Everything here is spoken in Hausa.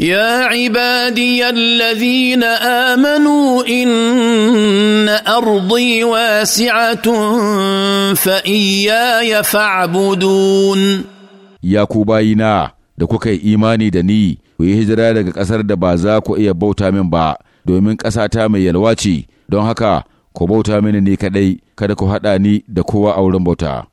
يا عبادي الذين امنوا ان ارضي واسعه فاياي فاعبدون يا كوباينا da kuka yi imani da ni ku yi hijira daga ƙasar da ba za ku iya bauta min ba domin ƙasata mai yalwa ce don haka ku bauta mini ni kaɗai kada ku haɗa ni da kowa a wurin bauta